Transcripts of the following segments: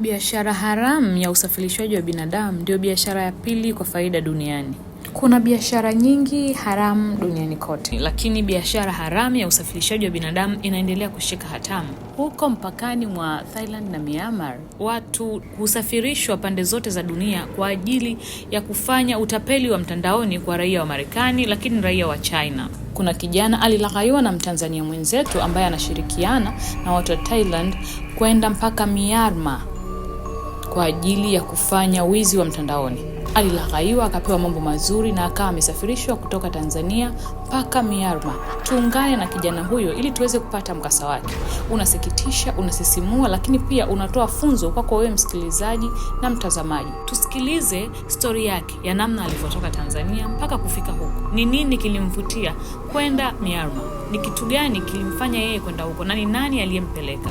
Biashara haramu ya usafirishaji wa binadamu ndio biashara ya pili kwa faida duniani. Kuna biashara nyingi haramu duniani kote, lakini biashara haramu ya usafirishaji wa binadamu inaendelea kushika hatamu. Huko mpakani mwa Thailand na Myanmar, watu husafirishwa pande zote za dunia kwa ajili ya kufanya utapeli wa mtandaoni kwa raia wa Marekani, lakini raia wa China. Kuna kijana alilaghaiwa na Mtanzania mwenzetu ambaye anashirikiana na watu wa Thailand kwenda mpaka Myanmar kwa ajili ya kufanya wizi wa mtandaoni. Alilaghaiwa, akapewa mambo mazuri na akawa amesafirishwa kutoka Tanzania mpaka Myanmar. Tuungane na kijana huyo ili tuweze kupata mkasa wake. Unasikitisha, unasisimua, lakini pia unatoa funzo kwako wewe msikilizaji na mtazamaji. Tusikilize stori yake ya namna alivyotoka Tanzania mpaka kufika huko. Ni nini kilimvutia kwenda Myanmar? Ni kitu gani kilimfanya yeye kwenda huko, na ni nani aliyempeleka?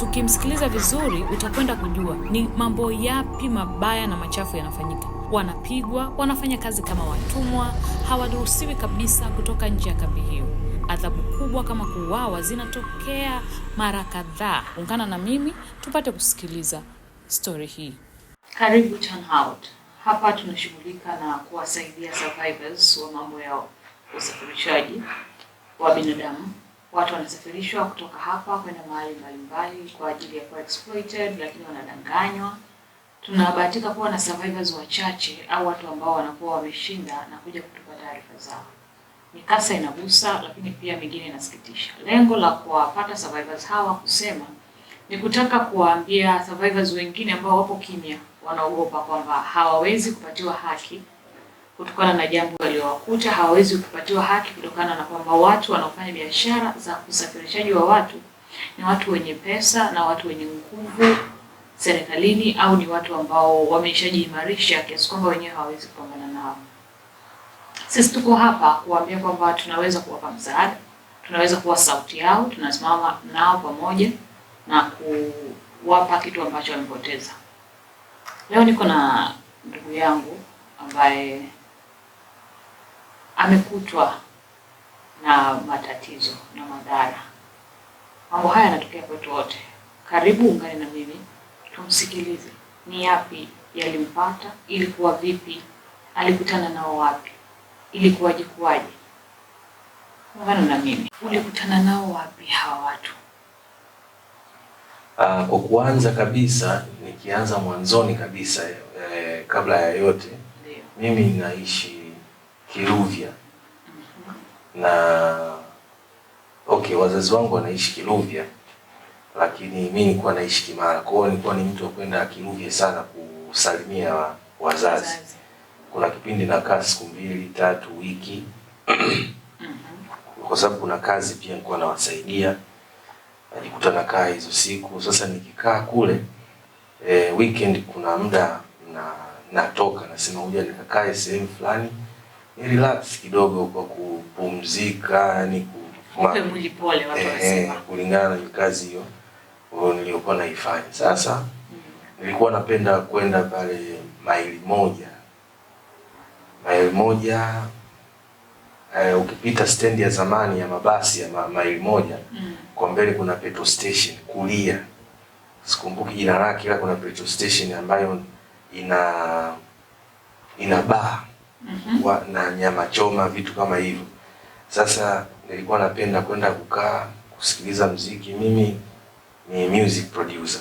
tukimsikiliza vizuri, utakwenda kujua ni mambo yapi mabaya na machafu yanafanyika. Wanapigwa, wanafanya kazi kama watumwa, hawaruhusiwi kabisa kutoka nje ya kambi hiyo. Adhabu kubwa kama kuuawa zinatokea mara kadhaa. Ungana na mimi tupate kusikiliza stori hii. Karibu Turnout. Hapa tunashughulika na kuwasaidia survivors wa mambo ya usafirishaji wa binadamu watu wanasafirishwa kutoka hapa kwenda mahali mbalimbali kwa ajili ya kuwa exploited, lakini wanadanganywa. Tunabahatika kuwa na survivors wachache au watu ambao wanakuwa wameshinda na kuja kutupa taarifa zao. Mikasa inagusa, lakini pia mingine inasikitisha. Lengo la kuwapata survivors hawa kusema ni kutaka kuwaambia survivors wengine ambao wapo kimya, wanaogopa kwamba hawawezi kupatiwa haki kutokana na jambo waliowakuta, hawawezi kupatiwa haki kutokana na kwamba watu wanaofanya biashara za usafirishaji wa watu ni watu wenye pesa na watu wenye nguvu serikalini au ni watu ambao wameshajiimarisha kiasi kwamba wenyewe hawawezi kupambana nao. Sisi tuko hapa kuwaambia kwamba tunaweza kuwapa msaada, tunaweza kuwa sauti yao, tunasimama nao pamoja na kuwapa kitu ambacho wamepoteza. Leo niko na ndugu yangu ambaye amekutwa na matatizo na madhara. Mambo haya yanatokea kwetu wote. Karibu ungane na mimi tumsikilize, ni yapi yalimpata, ilikuwa vipi, alikutana nao wapi, ilikuwaje, kuwaje? Ungana na mimi, ulikutana nao wapi hawa watu? Ah, kwa kuanza kabisa, nikianza mwanzoni kabisa eh, kabla ya yote mimi ninaishi Kiluvya na okay, wazazi wangu wanaishi Kiluvya, lakini mi nilikuwa naishi Kimara. Kwa hiyo nilikuwa ni mtu wa kwenda Kiluvya sana kusalimia wazazi. Kuna kipindi nakaa siku mbili tatu wiki mm-hmm. kwa sababu kuna kazi pia nilikuwa nawasaidia, najikuta nakaa hizo siku. Sasa nikikaa kule e, weekend kuna muda na natoka nasema huja nikakae sehemu fulani relax kidogo kwa kupumzika, yani mwili pole, watu wanasema, kulingana na kazi hiyo oh, niliyokuwa naifanya. Sasa mm. nilikuwa napenda kwenda pale maili moja maili moja eh, ukipita stendi ya zamani ya mabasi ya ma maili moja mm. kwa mbele kuna petrol station kulia, sikumbuki jina lake, ila kuna petrol station ambayo ina ina baa mm -hmm. na nyama choma, vitu kama hivyo. Sasa nilikuwa napenda kwenda kukaa kusikiliza mziki. Mimi ni music producer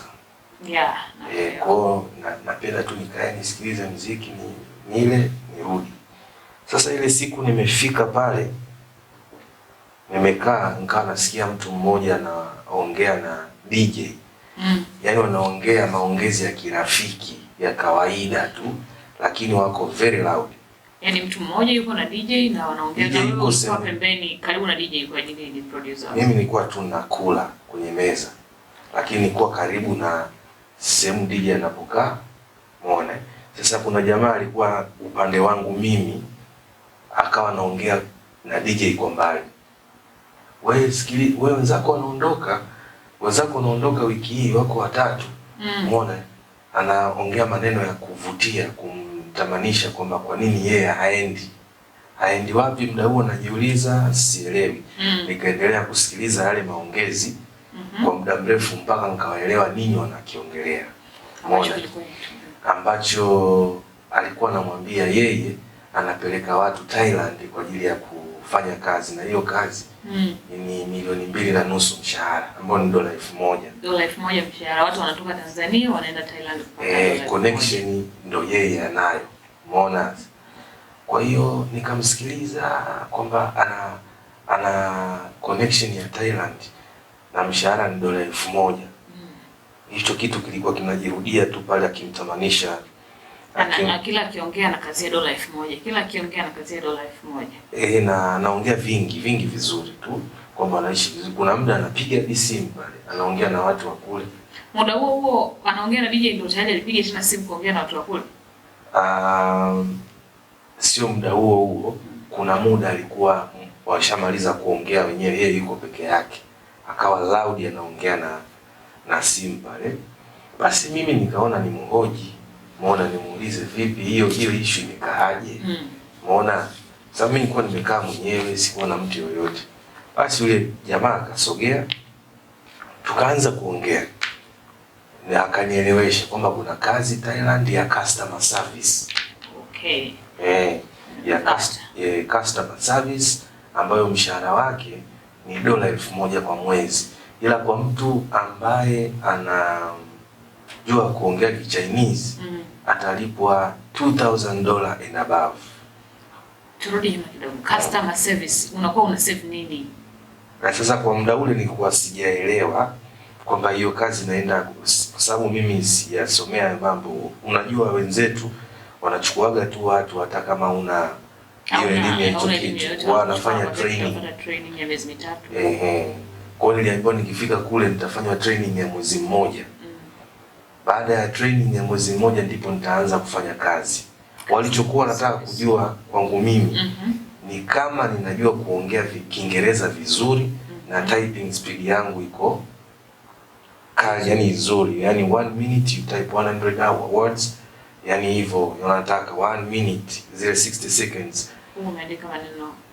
yeah, eh, kwao na, napenda tu nikae nisikilize mziki ni nile nirudi. Sasa ile siku nimefika pale nimekaa nikawa nasikia mtu mmoja anaongea na DJ mm. Yaani wanaongea maongezi ya kirafiki ya kawaida tu, lakini wako very loud. Yaani mtu mmoja yuko na DJ na wanaongea na wewe uko pembeni karibu na DJ kwa ajili ya producer. Mimi nilikuwa tu nakula kwenye meza. Lakini nilikuwa karibu na sehemu DJ anapokaa. Muone. Sasa kuna jamaa alikuwa upande wangu mimi akawa anaongea na DJ kwa mbali. Wewe sikili, wewe wenzako wanaondoka. Wenzako wanaondoka wiki hii wako watatu. Muone. Mm. Anaongea maneno ya kuvutia kum kutamanisha kwamba kwa nini yeye haendi haendi wapi muda huo, najiuliza sielewi. mm. Nikaendelea kusikiliza yale maongezi mm -hmm. kwa muda mrefu mpaka nikawaelewa nini wanakiongelea, moja ambacho alikuwa anamwambia yeye anapeleka watu Thailand kwa ajili ya ku kufanya kazi na hiyo kazi mm. ni milioni mbili na nusu mshahara ambao ni dola elfu moja dola elfu moja mshahara. Watu wanatoka Tanzania wanaenda Thailand kupata eh, connection ndio yeye anayo, umeona. Kwa hiyo nikamsikiliza kwamba ana ana connection ya Thailand na mshahara ni dola elfu moja. Hmm. Hicho mm. kitu kilikuwa kinajirudia tu pale akimtamanisha ana, kila akiongea na kazi ya dola elfu moja kila akiongea na kazi ya dola elfu moja Eh, na naongea vingi vingi vizuri tu kwamba anaishi vizuri. Kuna muda anapiga hadi simu pale, anaongea na watu wa kule. Muda huo huo anaongea na DJ ndio tayari alipiga tena simu kuongea na watu wa kule. Um, sio muda huo huo, kuna muda alikuwa washamaliza kuongea wenyewe, yeye yuko peke yake, akawa loud anaongea na na simu pale. Basi mimi nikaona ni mhoji Maona nimuulize vipi hiyo hiyo issue imekaaje? Mm. Mona, sababu mimi nilikuwa nimekaa mwenyewe sikuwa na mtu yoyote. Basi yule jamaa akasogea tukaanza kuongea. Na akanielewesha kwamba kuna kazi Thailand ya customer service. Okay. Eh, ya customer eh, ya customer service ambayo mshahara wake ni dola elfu moja kwa mwezi ila kwa mtu ambaye ana kujua kuongea Kichinese mm. atalipwa 2000 dollar and above. Turudi nyuma kidogo. Customer service unakuwa una save nini? Na sasa kwa muda ule nilikuwa sijaelewa kwamba hiyo kazi inaenda, kwa sababu mimi sijasomea mambo. Unajua wenzetu wanachukuaga tu watu hata kama una hiyo elimu ya hicho kitu, wanafanya training ya miezi mitatu. Ehe, kwa hiyo niliambiwa nikifika kule nitafanywa training ya mwezi mmoja baada ya training ya mwezi mmoja ndipo nitaanza kufanya kazi. Walichokuwa nataka kujua kwangu mimi mm -hmm. ni kama ninajua kuongea Kiingereza vizuri mm -hmm. na mhm. typing speed yangu iko kali, yani nzuri, yani one minute you type 100 words, yani hivyo nataka one minute zile 60 seconds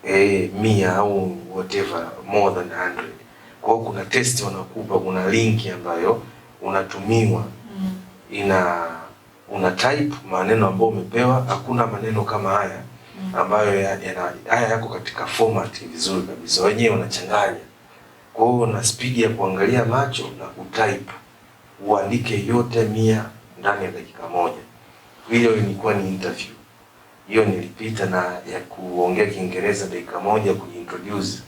eh, mia au whatever more than 100. Kwa hiyo kuna test wanakupa, kuna linki ambayo unatumiwa ina una type maneno ambayo umepewa. Hakuna maneno kama haya mm. ambayo ya, ya, haya yako katika format vizuri kabisa, wenyewe unachanganya. Kwa hiyo na spidi ya kuangalia macho na kutype, uandike yote mia ndani ya dakika moja. Hiyo ilikuwa ni interview hiyo nilipita, na ya kuongea Kiingereza dakika moja kujiintroduce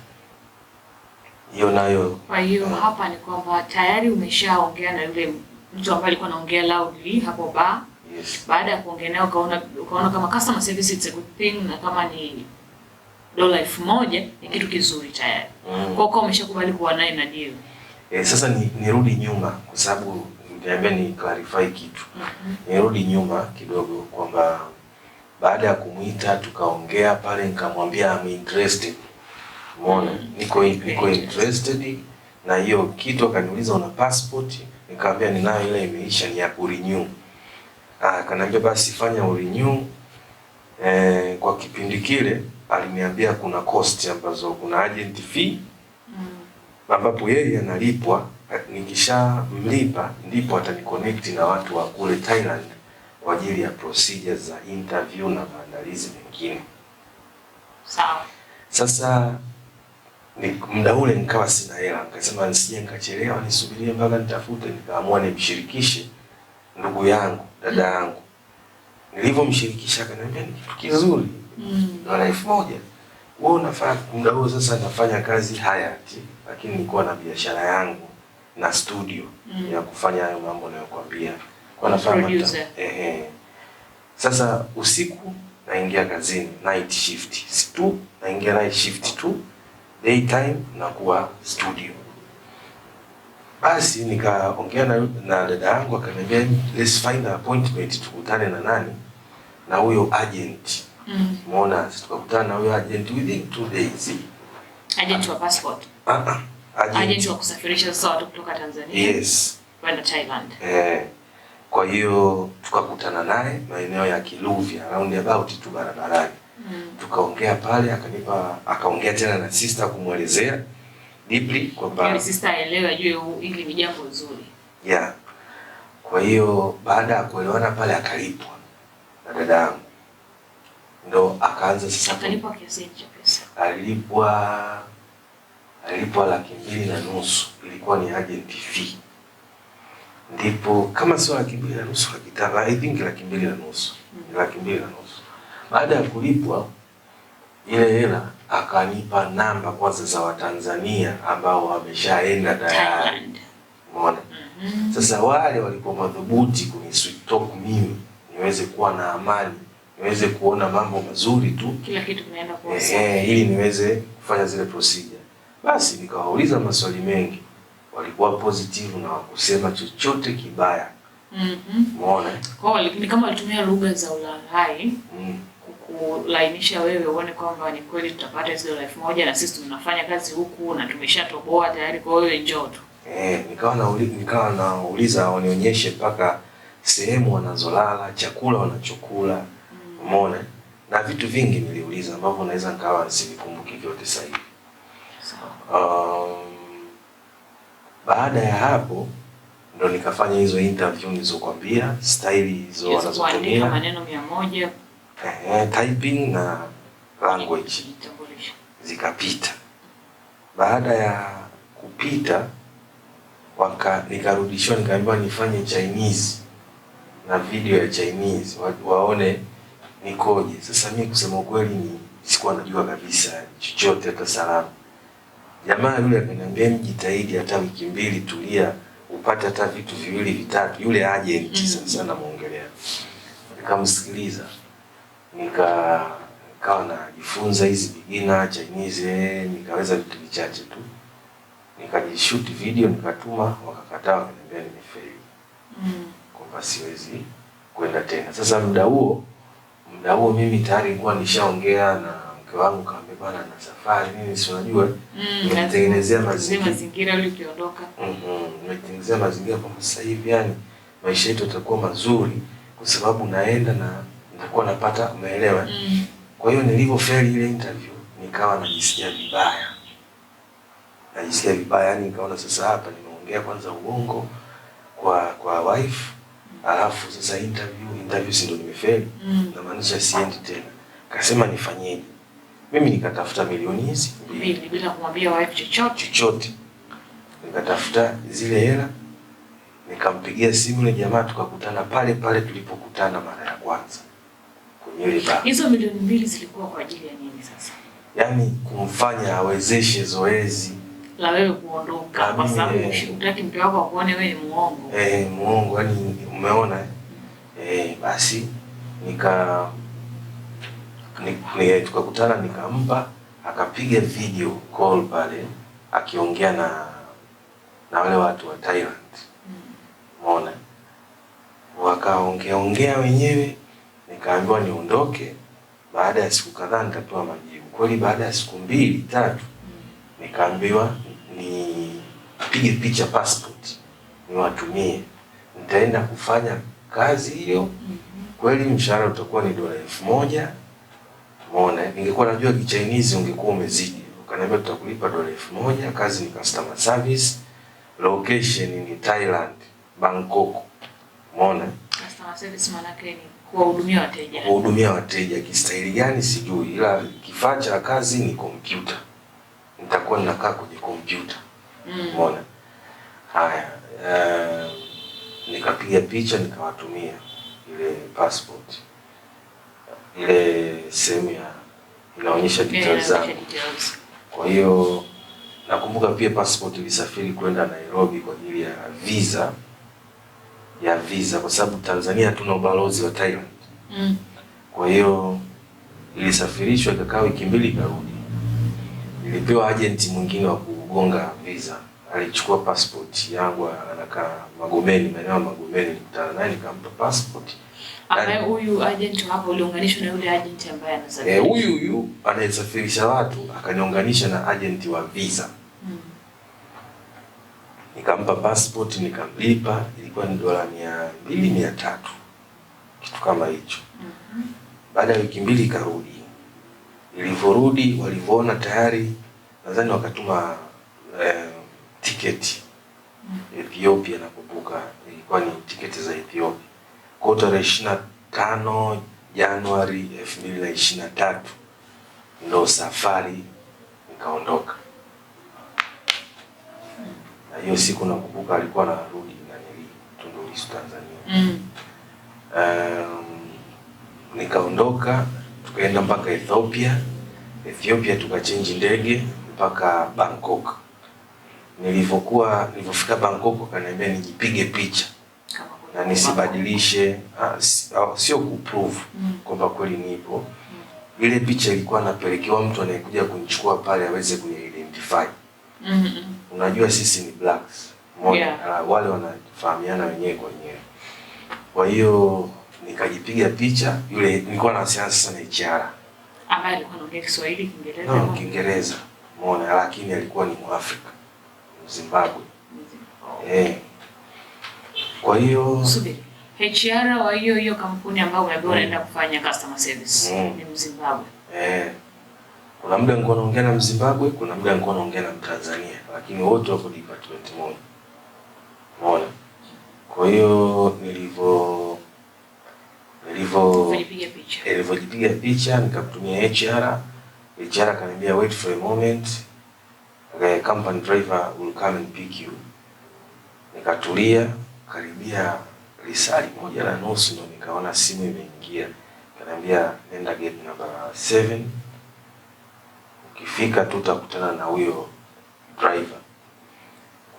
hiyo nayo. Kwa hiyo eh. hapa ni kwamba tayari umeshaongea na yule mtu ambaye alikuwa anaongea loudly hapo ba Yes. Baada ya kuongea naye ukaona ukaona kama customer service it's a good thing na kama ni dola elfu moja ni kitu kizuri tayari. Mm. Kwa hiyo umeshakubali kuwa naye na deal. Eh, sasa ni nirudi nyuma kwa sababu niliambia ni clarify kitu. Mm -hmm. Nirudi nyuma kidogo kwamba baada ya kumuita tukaongea pale nikamwambia I'm interested. Umeona? Mm. -hmm. Niko niko interested na hiyo kitu akaniuliza una passport? Nikamwambia ninayo ile imeisha ni ya renew. Ah, kanaambia basi fanya renew. Eh, kwa kipindi kile aliniambia kuna cost ambazo kuna agent fee mm, ambapo yeye analipwa, nikishamlipa ndipo ataniconnect na watu wa kule Thailand kwa ajili ya procedures za interview na maandalizi mengine. Sawa. Sasa muda ule nikawa sina hela, nikasema nisije nikachelewa, nisubirie mpaka nitafute. Nikaamua nimshirikishe ndugu yangu, dada yangu. Nilivyomshirikisha akaniambia ni kitu kizuri mm. na elfu moja wewe unafanya. Muda huo sasa nafanya kazi Hayati, lakini nilikuwa na biashara yangu na studio mm. ya kufanya hayo mambo nayokwambia, kwa nafanya ehe. Sasa usiku naingia kazini, night shift tu, naingia night shift tu daytime na kuwa studio. Basi nikaongea na, na dada yangu akaniambia, let's find an appointment tukutane na nani na huyo agent mm. Umeona, tukakutana na huyo agent within two days, agent wa passport uh -uh. Agent. Agent wa kusafirisha sasa watu kutoka Tanzania yes kwenda Thailand eh. Kwa hiyo tukakutana naye maeneo ya Kiluvya round about tu barabarani tukaongea pale, akanipa akaongea tena na sister kumwelezea deeply kwamba yaani sister aelewe, ajue hili ni jambo zuri yeah. Kwa hiyo baada ya kuelewana pale, akalipwa na dada yangu, ndo akaanza sasa. kulipwa kiasi cha pesa? Alilipwa, alilipwa laki mbili na nusu, ilikuwa ni agent fee ndipo kama sio laki mbili na nusu, laki tano, I think laki mbili na nusu, mm. laki mbili na nusu baada ya kulipwa ile hela, akanipa namba kwanza za Watanzania ambao wameshaenda tayari. Umeona? Mm -hmm. Sasa wale walikuwa madhubuti kwenye talk mimi niweze kuwa na amani, niweze kuona mambo mazuri tu, kila kitu kinaenda kwa usawa eh, ili niweze kufanya zile procedure. Basi nikawauliza maswali mengi, walikuwa positive na wakusema chochote kibaya. Mhm. Mm, umeona? Kwa hiyo kama walitumia lugha za ulaghai. Mhm kulainisha wewe uone kwamba ni kweli tutapata hizo elfu moja na sisi tunafanya kazi huku na tumeshatoboa tayari, kwa wewe njoo tu. Eh, nikawa na uli, nikawa nauliza wanionyeshe mpaka sehemu wanazolala, chakula wanachokula, mm. umeona mm. na vitu vingi niliuliza ambavyo naweza nikawa sivikumbuki vyote sasa hivi. Um, baada ya hapo ndo nikafanya hizo interview nilizokuambia, staili hizo wanazotumia maneno mia Eh, typing na language zikapita. Baada ya kupita waka nikarudishiwa, nikaambiwa nifanye Chinese na video ya Chinese wa, waone nikoje. Sasa mimi kusema ukweli, ni sikuwa najua kabisa chochote hata salamu. Jamaa yule akaniambia, mjitahidi hata wiki mbili, tulia upate hata vitu viwili vitatu, yule agent mm. sasa namuongelea, nikamsikiliza nika nikawa najifunza hizi beginner Chinese, nikaweza vitu vichache tu, nikajishoot video nikatuma, wakakataa, wakaniambia nimefeli mm. kwamba siwezi kwenda tena. Sasa muda huo muda huo mimi tayari nilikuwa nishaongea na mke wangu, kaambia bana, na safari nini, si unajua mm, nimetengenezea mazingira ili ukiondoka, mm-hmm. nimetengenezea mazingira kwamba sasa hivi yani maisha yetu yatakuwa mazuri, kwa sababu naenda na nilikuwa napata, umeelewa? Mm. Kwa hiyo nilivyofeli ile interview nikawa najisikia vibaya, najisikia vibaya, yani nikaona sasa hapa nimeongea kwanza uongo kwa kwa wife, alafu sasa interview interview si ndo nimefeli mm. na maanisha siendi tena. Kasema nifanyeje? Mimi nikatafuta milioni hizi mbili bila kumwambia wife chochote chochote, nikatafuta zile hela nikampigia simu ile jamaa, tukakutana pale pale tulipokutana mara ya kwanza. Hizo milioni mbili zilikuwa kwa ajili ya nini sasa? Yaani kumfanya awezeshe zoezi la wewe kuondoka kwa sababu eh. unataka mtu wako akuone wewe ni muongo. Eh, muongo yani umeona eh, basi nika ni, tukakutana nikampa akapiga video call pale akiongea na na wale watu wa Thailand. Mm. Umeona? Wakaongea ongea wenyewe nikaambiwa niondoke. Baada ya siku kadhaa nikapewa majibu. Kweli baada ya siku mbili tatu nikaambiwa nipige picha passport niwatumie, nitaenda kufanya kazi hiyo. Kweli mshahara utakuwa ni dola elfu moja Umeona, ningekuwa najua kichainizi ungekuwa umezidi. Ukaniambia tutakulipa dola elfu moja kazi ni customer service, location ni Thailand, Bangkok. Umeona, customer service maana yake ni kuwahudumia wateja. Kuwahudumia wateja kistahili gani sijui, ila kifaa cha kazi ni kompyuta, nitakuwa ninakaa kwenye kompyuta mm. umeona. Haya, uh, nikapiga picha nikawatumia ile passport ile sehemu ya inaonyesha details zangu. Kwa hiyo nakumbuka pia passport ilisafiri kwenda Nairobi kwa ajili ya visa ya visa kwa sababu Tanzania hatuna ubalozi wa Thailand. Mm. Kwa hiyo ilisafirishwa ikakaa wiki mbili ikarudi. Nilipewa agent mwingine wa kugonga visa. Alichukua passport yangu anakaa Magomeni, maeneo ya Magomeni nikutana naye nikampa passport. Ambaye huyu agent hapo uliunganishwa na yule agent ambaye anasafirisha. Eh, huyu huyu anayesafirisha watu akaniunganisha na agent wa visa nikampa passport nikamlipa, ilikuwa ni dola mia mbili mia tatu kitu kama hicho. Mm-hmm. Baada ya wiki mbili ikarudi. Ilivyorudi walivyoona tayari, nadhani wakatuma eh, tiketi mm-hmm. Ethiopia, nakumbuka ilikuwa ni tiketi za Ethiopia kwa tarehe ishirini na tano Januari elfu mbili na ishirini na tatu ndo safari nikaondoka na hiyo siku nakumbuka alikuwa anarudi nanili Tundu Lissu Tanzania mm. Um, nikaondoka tukaenda mpaka Ethiopia. Ethiopia tukachenji ndege mpaka Bangkok. Nilivyokuwa nilivyofika Bangkok wakaniambia nijipige picha na nisibadilishe, ah, ah, sio kuprove mm. kwamba kweli nipo mm. Ile picha ilikuwa napelekewa mtu anayekuja kunichukua pale aweze kuniidentify -hmm. Unajua sisi ni blacks moja, yeah. Ah, wale wanafahamiana wenyewe kwa wenyewe, kwa hiyo nikajipiga picha. Yule nilikuwa na nawasiliana sana na ichara ambaye alikuwa anaongea Kiswahili, Kiingereza no, Kiingereza umeona, lakini alikuwa ni Mwafrika Zimbabwe. Eh, kwa hiyo subiri, HR wa hiyo hiyo kampuni ambayo unaenda mm. kufanya customer service mm. ni Mzimbabwe eh. Kuna muda nilikuwa naongea na Mzimbabwe, kuna muda nilikuwa naongea na Mtanzania, lakini wote wako department moja. Umeona? Kwa hiyo nilivyo nilivyo nilivyojipiga picha nikamtumia HR, HR akaniambia wait for a moment. The company driver will come and pick you. Nikatulia karibia risali moja la nusu ndo nikaona simu imeingia. Kaniambia nenda gate number 7 Kifika tu utakutana na huyo driver.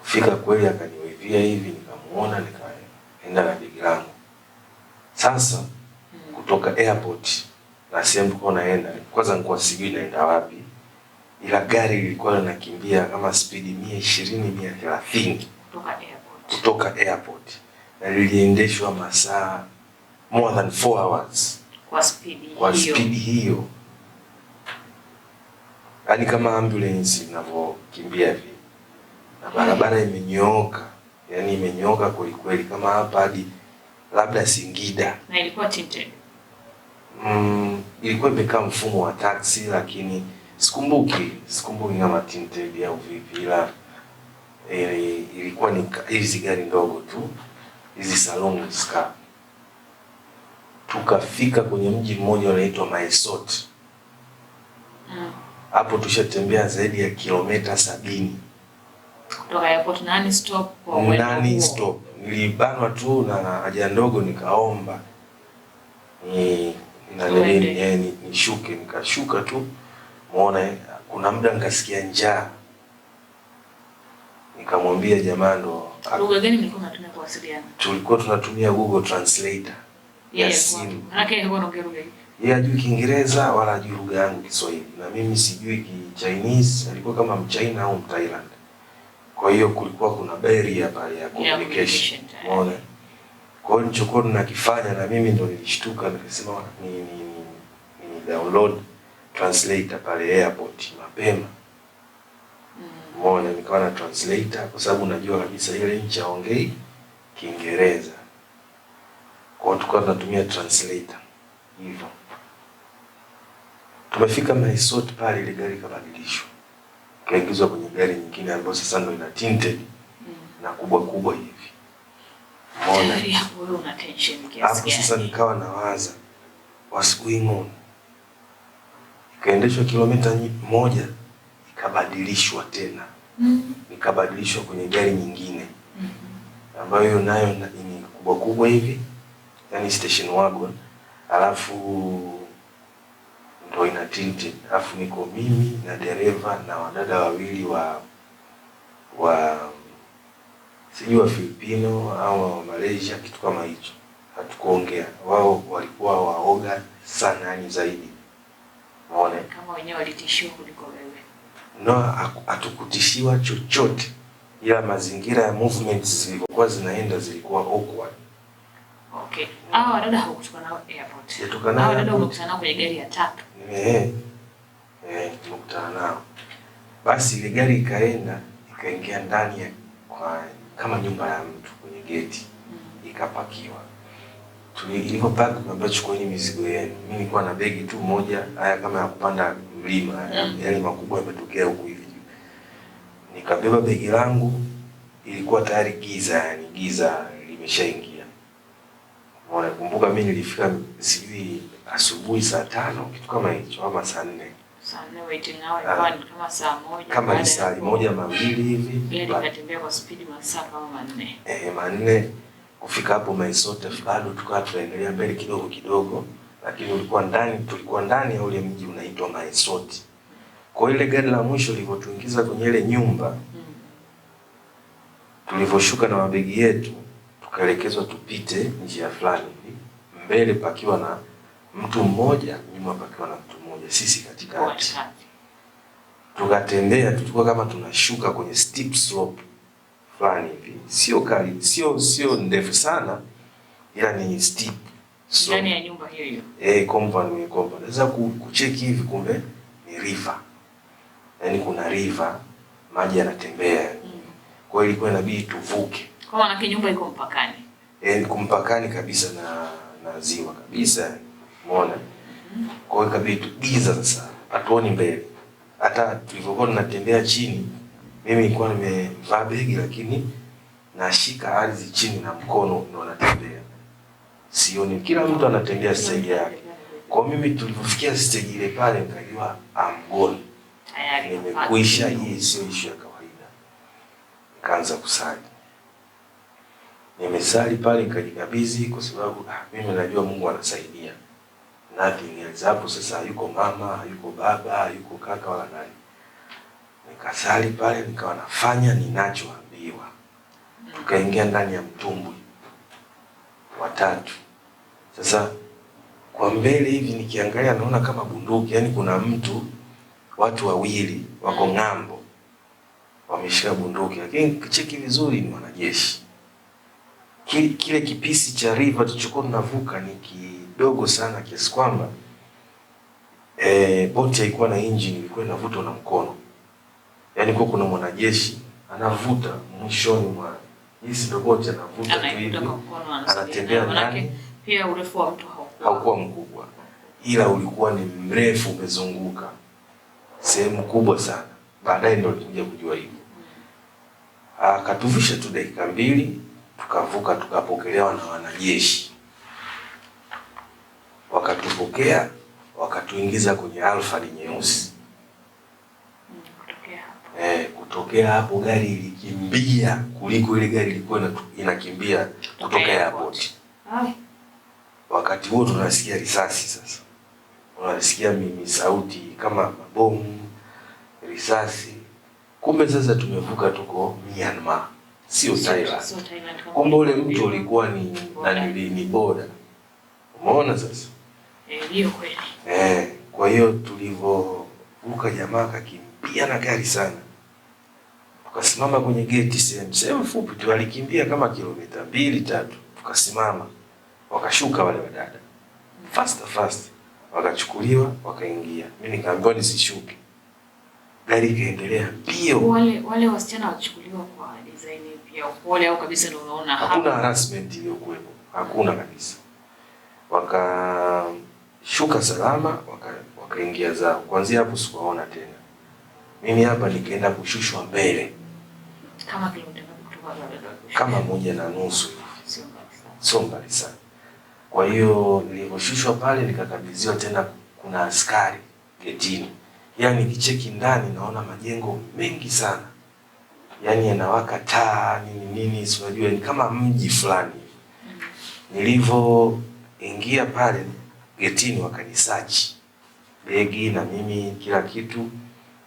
Kufika kweli, akaniwavia hivi, nikamuona, nikaenda na begi langu. Sasa kutoka airport na sehemu tulikuwa naenda, kwanza nilikuwa sijui naenda wapi, ila gari lilikuwa linakimbia kama spidi mia ishirini mia thelathini kutoka airport, kutoka airport na liliendeshwa masaa more than 4 hours kwa spidi hiyo hadi yaani kama ambulance inavyokimbia hivi, na barabara imenyooka, yani imenyooka kweli kweli, kama hapa hadi labda Singida, na ilikuwa tinted mm, ilikuwa imekaa mfumo wa taxi, lakini sikumbuki sikumbuki kama tinted au vipi, ila e, ilikuwa ni hizi gari ndogo tu hizi salon ska. Tukafika kwenye mji mmoja unaitwa Maesot mm hapo tushatembea zaidi ya kilomita sabini kutoka airport nani stop. kwa nani stop. Nilibanwa tu na haja ndogo, nikaomba ni na yani, eh, nishuke, nikashuka tu muone. Kuna muda nikasikia njaa, nikamwambia jamaa, ndo lugha gani kuwasiliana? tulikuwa tunatumia Google Translator ya simu yeye hajui Kiingereza wala hajui lugha yangu Kiswahili na mimi sijui ki Chinese, alikuwa kama Mchina au Mthailand. Kwa hiyo kulikuwa kuna barrier pale ya communication. Unaona? Kwa hiyo nilichokuwa ninakifanya na mimi ndo nilishtuka nikasema ni ni, ni, ni download translator pale airport mapema. Mm. Umeona, Nikawa na translator kwa sababu najua kabisa ile nchi haongei Kiingereza. Kwa hiyo tulikuwa tunatumia translator hivyo. Mm. Tumefika Maisot pale, ile gari ikabadilishwa, kaingizwa kwenye gari nyingine ambayo sasa ndio ina tinted mm. na kubwa kubwa hivi. gani? hapo sasa, nikawa nawaza what's going on. Ikaendeshwa kilomita moja ikabadilishwa tena mm. ikabadilishwa kwenye gari nyingine mm -hmm. ambayo nayo ni kubwa kubwa hivi, yani station wagon alafu ndo ina tinted, alafu niko mimi na dereva na wadada wawili wa wa sijui wa Filipino au wa Malaysia, kitu kama hicho. Hatukuongea, wao walikuwa waoga sana, yani zaidi maone kama wenyewe walitishiwa kuliko wewe. No, hatukutishiwa chochote, ila mazingira ya movements zilivyokuwa zinaenda zilikuwa awkward. Okay. Hawa dada hawakutoka nao airport. Hawa dada wamekutana kwenye gari ya tatu eh, eh, tumekutana nao. Basi ile gari ikaenda ikaingia ndani ya kwa kama nyumba ya mtu kwenye geti ikapakiwa. Tulipopaki tunaambia chukueni mizigo yenu. Mimi nilikuwa na begi tu moja, haya kama ya kupanda mlima, yale mm. makubwa yametokea huku hivi. Nikabeba begi langu, ilikuwa tayari giza, yani giza limeshaingia. Unakumbuka mimi nilifika sijui asubuhi saa tano kitu kama hicho ama saa nne ah. kama ni saa moja mawili hivi eh, manne kufika hapo Maisote, bado tukawa tunaendelea mbele kidogo kidogo, lakini ulikuwa ndani, tulikuwa ndani ya ule mji unaitwa maesoti Kwa ile gari la mwisho lilivyotuingiza kwenye ile nyumba mm. tulivyoshuka na mabegi yetu tukaelekezwa tupite njia fulani mbele, pakiwa na mtu mmoja ni nyuma pakiwa na mtu mmoja, sisi katikati, tukatembea tutukua kama tunashuka kwenye steep slope fulani hivi, sio kali, sio sio ndefu sana, ila ni steep ndani ya nyumba hiyo hiyo eh, compound ni compound. Sasa kucheki hivi, kumbe ni river, yani kuna river, maji yanatembea mm. Kwa hiyo ilikuwa inabidi tuvuke, kwa maana nyumba iko mpakani eh, kumpakani kabisa na na ziwa kabisa. Umeona? Kwa hiyo ikabidi giza sasa, hatuoni mbele. Hata tulivyokuwa tunatembea chini, mimi nilikuwa nimevaa begi lakini nashika ardhi chini na mkono ndio natembea. Sioni, kila mtu anatembea stage yake. Kwa mimi tulipofikia stage ile pale nikajua I'm gone. Nimekwisha, hii sio ishu ya kawaida. Nikaanza kusali. Nimesali pale nikajikabidhi kwa sababu ah, mimi najua Mungu anasaidia nothing else hapo. Sasa yuko mama, yuko baba, yuko kaka wala nani. Nikasali pale nikawa nafanya ninachoambiwa, tukaingia ndani ya mtumbwi watatu. Sasa kwa mbele hivi nikiangalia, naona kama bunduki, yani kuna mtu, watu wawili wako ng'ambo wameshika bunduki, lakini kicheki vizuri ni wanajeshi. Kile, kipisi cha river tulichokuwa tunavuka ni kidogo sana kiasi kwamba eh, boti haikuwa na injini, ilikuwa inavutwa na mkono. Yaani kwa kuna mwanajeshi anavuta mwishoni mwa jinsi boti anavuta tu hivi, anatembea ndani. Pia urefu wa mtu haukuwa mkubwa, ila ulikuwa ni mrefu, umezunguka sehemu kubwa sana. Baadaye ndio tulikuja kujua hivyo. Akatuvisha tu dakika mbili, tukavuka, tukapokelewa na wanajeshi wakatupokea wakatuingiza kwenye Alfa nyeusi. Eh, kutokea hapo gari ilikimbia kuliko ile gari ilikuwa inakimbia kutoka airport. Wakati huo tunasikia risasi sasa, unasikia mimi sauti kama mabomu, risasi. Kumbe sasa tumevuka, tuko Myanmar, sio Thailand. Kumbe ule mtu ulikuwa ni nani, ni boda. Umeona sasa ndio eh, kweli. Eh, kwa hiyo tulivyovuka jamaa akakimbia na gari sana. Tukasimama kwenye geti sehemu sehemu fupi tu, alikimbia kama kilomita mbili tatu, tukasimama. Wakashuka wale wadada. Fast fast wakachukuliwa wakaingia. Mimi nikaambiwa nisishuke. Gari ikaendelea mbio. Wale wale wasichana wachukuliwa kwa design pia upole au kabisa ndio unaona hakuna harassment iliyokuwepo. Hakuna kabisa. Waka shuka salama, wakaingia waka zao. Kuanzia hapo sikuwaona tena mimi, hapa nikaenda kushushwa mbele kama kama moja na nusu, sio mbali sana. Kwa hiyo nilivyoshushwa pale, nikakabidhiwa tena, kuna askari getini. Yani nikicheki ndani, naona majengo mengi sana, yani yanawaka taa nini nini, si ni kama mji fulani. Mm. Nilivyoingia pale getini wakanisachi begi na mimi kila kitu,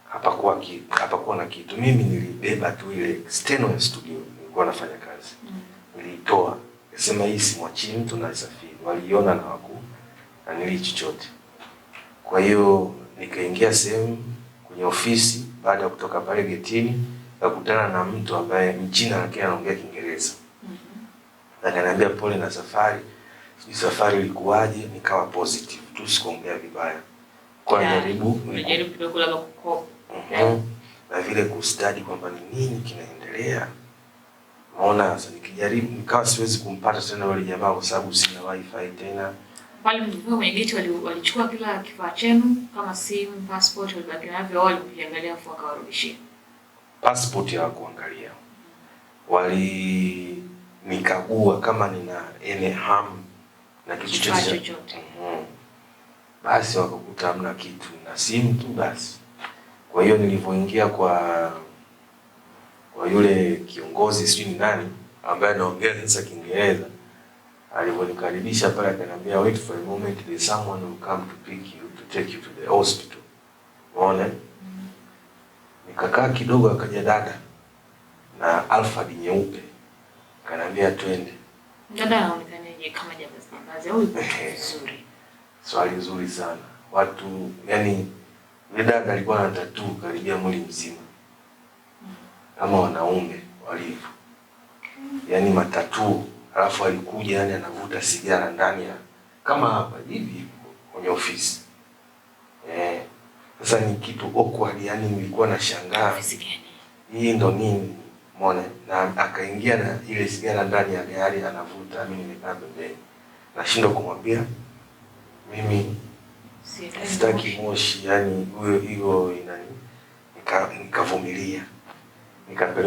hapakuwa kitu, hapakuwa na kitu. Mimi nilibeba tu ile steno ya studio nilikuwa nafanya kazi mm. Nilitoa nasema hii simwachii mtu na safiri, waliona na waku na nili chochote. Kwa hiyo nikaingia sehemu kwenye ofisi, baada ya kutoka pale getini nakutana na mtu ambaye mchina lakini anaongea Kiingereza mm -hmm. Akaniambia pole na safari hii safari ilikuwaje? Nikawa positive tu, sikuongea vibaya, kwa najaribu mhm. na vile kustadi kwamba ni nini kinaendelea. Naona sasa, nikijaribu nikawa siwezi kumpata tena wale jamaa, kwa sababu sina wifi tena. Wale mlivyo mwenyekiti walichukua kila kifaa chenu kama simu, passport, walibaki navyo wale kuangalia afu akawarudishia. Passport ya kuangalia. Wali nikagua kama nina ene hamu na kichwa chochote mm. Basi wakakuta hamna kitu na simu tu basi. Kwa hiyo nilivyoingia kwa kwa yule kiongozi sijui ni nani ambaye anaongea sasa Kiingereza, alivyonikaribisha pale akaniambia, wait for a moment, there is someone who come to pick you to take you to the hospital. Unaona? Mm-hmm. Nikakaa kidogo, akaja dada na Alfa nyeupe, kanaambia twende. Dada anaonekana kama jambazi au ipo vizuri. Swali nzuri sana. Watu yani yule dada alikuwa na tatuu karibia mwili mzima kama wanaume walivyo, yani matatuu. Alafu alikuja yani anavuta sigara ndani ya kama hapa hivi kwenye ofisi eh. Sasa ni kitu awkward, yani nilikuwa nashangaa hii ndo nini Umeona? Na akaingia na ile sigara ndani ya gari anavuta, mimi nimekaa pembeni. Nashindwa kumwambia mimi sitaki moshi, yani huyo hiyo inani nikavumilia. Nika